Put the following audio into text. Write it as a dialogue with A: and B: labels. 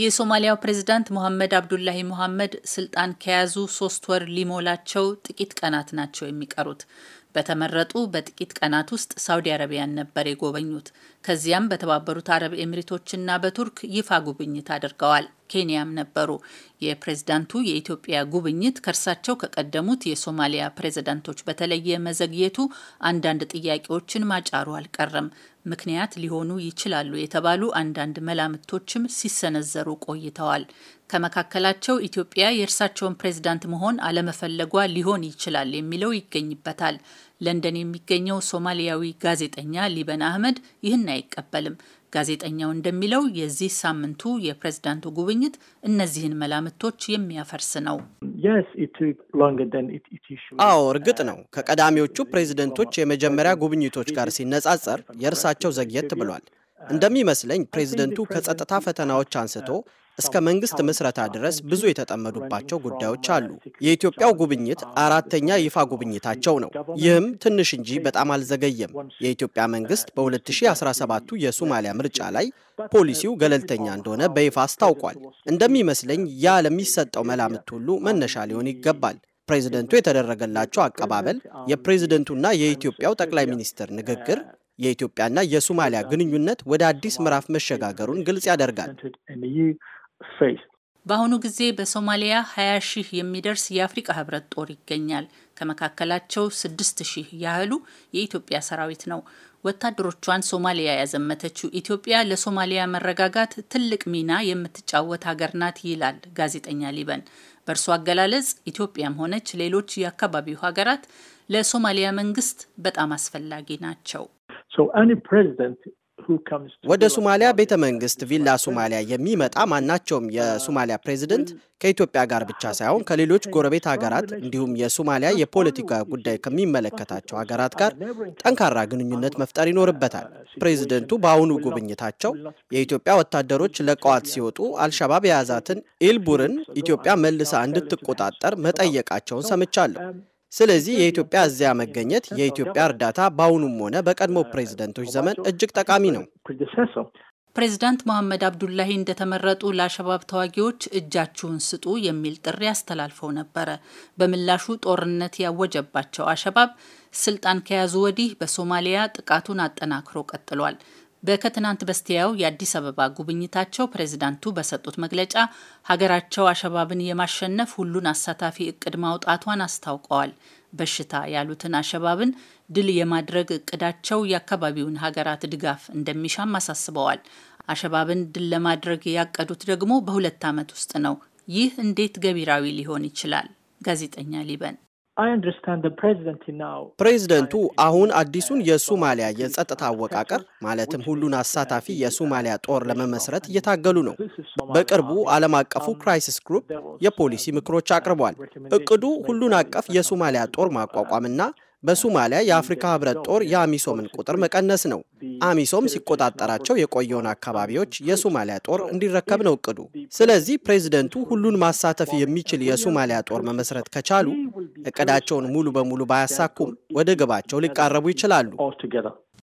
A: የሶማሊያው ፕሬዝዳንት ሞሐመድ አብዱላሂ ሞሐመድ ስልጣን ከያዙ ሶስት ወር ሊሞላቸው ጥቂት ቀናት ናቸው የሚቀሩት። በተመረጡ በጥቂት ቀናት ውስጥ ሳውዲ አረቢያን ነበር የጎበኙት። ከዚያም በተባበሩት አረብ ኤሚሬቶችና በቱርክ ይፋ ጉብኝት አድርገዋል። ኬንያም ነበሩ። የፕሬዝዳንቱ የኢትዮጵያ ጉብኝት ከእርሳቸው ከቀደሙት የሶማሊያ ፕሬዝዳንቶች በተለየ መዘግየቱ አንዳንድ ጥያቄዎችን ማጫሩ አልቀረም። ምክንያት ሊሆኑ ይችላሉ የተባሉ አንዳንድ መላምቶችም ሲሰነዘሩ ቆይተዋል። ከመካከላቸው ኢትዮጵያ የእርሳቸውን ፕሬዝዳንት መሆን አለመፈለጓ ሊሆን ይችላል የሚለው ይገኝበታል። ለንደን የሚገኘው ሶማሊያዊ ጋዜጠኛ ሊበን አህመድ ይህን አይቀበልም። ጋዜጠኛው እንደሚለው የዚህ ሳምንቱ የፕሬዝዳንቱ ጉብኝት እነዚህን መላምቶች የሚያፈርስ ነው።
B: አዎ፣ እርግጥ ነው ከቀዳሚዎቹ ፕሬዝደንቶች የመጀመሪያ ጉብኝቶች ጋር ሲነጻጸር የእርሳቸው ዘግየት ብሏል። እንደሚመስለኝ ፕሬዝደንቱ ከጸጥታ ፈተናዎች አንስቶ እስከ መንግስት ምስረታ ድረስ ብዙ የተጠመዱባቸው ጉዳዮች አሉ። የኢትዮጵያው ጉብኝት አራተኛ ይፋ ጉብኝታቸው ነው። ይህም ትንሽ እንጂ በጣም አልዘገየም። የኢትዮጵያ መንግስት በ2017ቱ የሶማሊያ ምርጫ ላይ ፖሊሲው ገለልተኛ እንደሆነ በይፋ አስታውቋል። እንደሚመስለኝ ያ ለሚሰጠው መላምት ሁሉ መነሻ ሊሆን ይገባል። ፕሬዝደንቱ የተደረገላቸው አቀባበል፣ የፕሬዝደንቱና የኢትዮጵያው ጠቅላይ ሚኒስትር ንግግር የኢትዮጵያና የሶማሊያ ግንኙነት ወደ አዲስ ምዕራፍ መሸጋገሩን ግልጽ ያደርጋል።
A: በአሁኑ ጊዜ በሶማሊያ 20 ሺህ የሚደርስ የአፍሪቃ ህብረት ጦር ይገኛል። ከመካከላቸው ስድስት ሺህ ያህሉ የኢትዮጵያ ሰራዊት ነው። ወታደሮቿን ሶማሊያ ያዘመተችው ኢትዮጵያ ለሶማሊያ መረጋጋት ትልቅ ሚና የምትጫወት ሀገር ናት ይላል ጋዜጠኛ ሊበን። በእርሱ አገላለጽ ኢትዮጵያም ሆነች ሌሎች የአካባቢው ሀገራት ለሶማሊያ መንግስት በጣም አስፈላጊ ናቸው።
B: ወደ ሶማሊያ ቤተ መንግስት ቪላ ሶማሊያ የሚመጣ ማናቸውም የሶማሊያ uh, ፕሬዚደንት ከኢትዮጵያ ጋር ብቻ ሳይሆን ከሌሎች ጎረቤት ሀገራት እንዲሁም የሶማሊያ የፖለቲካ ጉዳይ ከሚመለከታቸው ሀገራት ጋር ጠንካራ ግንኙነት መፍጠር ይኖርበታል። uh, ፕሬዚደንቱ በአሁኑ ጉብኝታቸው የኢትዮጵያ ወታደሮች ለቀዋት ሲወጡ አልሻባብ የያዛትን ኢልቡርን ኢትዮጵያ መልሳ እንድትቆጣጠር መጠየቃቸውን ሰምቻለሁ። um, ስለዚህ የኢትዮጵያ እዚያ መገኘት የኢትዮጵያ እርዳታ በአሁኑም ሆነ በቀድሞ ፕሬዝደንቶች ዘመን እጅግ ጠቃሚ ነው።
A: ፕሬዚዳንት መሐመድ አብዱላሂ እንደተመረጡ ለአሸባብ ተዋጊዎች እጃችሁን ስጡ የሚል ጥሪ አስተላልፈው ነበረ። በምላሹ ጦርነት ያወጀባቸው አሸባብ ስልጣን ከያዙ ወዲህ በሶማሊያ ጥቃቱን አጠናክሮ ቀጥሏል። በከትናንት በስቲያው የአዲስ አበባ ጉብኝታቸው ፕሬዚዳንቱ በሰጡት መግለጫ ሀገራቸው አሸባብን የማሸነፍ ሁሉን አሳታፊ እቅድ ማውጣቷን አስታውቀዋል። በሽታ ያሉትን አሸባብን ድል የማድረግ እቅዳቸው የአካባቢውን ሀገራት ድጋፍ እንደሚሻም አሳስበዋል። አሸባብን ድል ለማድረግ ያቀዱት ደግሞ በሁለት ዓመት ውስጥ ነው። ይህ እንዴት ገቢራዊ ሊሆን ይችላል? ጋዜጠኛ ሊበን
B: ፕሬዚደንቱ አሁን አዲሱን uh, የሶማሊያ የጸጥታ አወቃቀር ማለትም ሁሉን አሳታፊ የሶማሊያ uh, ጦር ለመመስረት እየታገሉ ነው። በቅርቡ ዓለም አቀፉ ክራይሲስ um, ግሩፕ የፖሊሲ uh, ምክሮች አቅርቧል። እቅዱ ሁሉን አቀፍ የሶማሊያ ጦር ማቋቋምና በሱማሊያ የአፍሪካ ህብረት ጦር የአሚሶምን ቁጥር መቀነስ ነው። አሚሶም ሲቆጣጠራቸው የቆየውን አካባቢዎች የሱማሊያ ጦር እንዲረከብ ነው እቅዱ። ስለዚህ ፕሬዚደንቱ ሁሉን ማሳተፍ የሚችል የሱማሊያ ጦር መመስረት ከቻሉ እቅዳቸውን ሙሉ በሙሉ ባያሳኩም ወደ ግባቸው ሊቃረቡ ይችላሉ።